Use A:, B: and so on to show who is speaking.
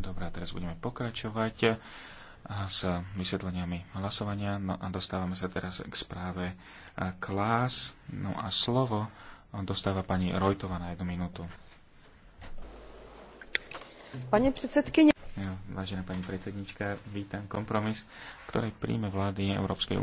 A: Dobre, teraz budeme pokračovať eh, s vysvetleniami hlasovania. No a dostávame sa teraz k správe eh, Klás. No a slovo dostáva pani Rojtova na jednu minútu.
B: Pane
C: predsedkyne.
A: vážená pani predsednička, vítam kompromis,
B: ktorý príjme vlády Európskej únie.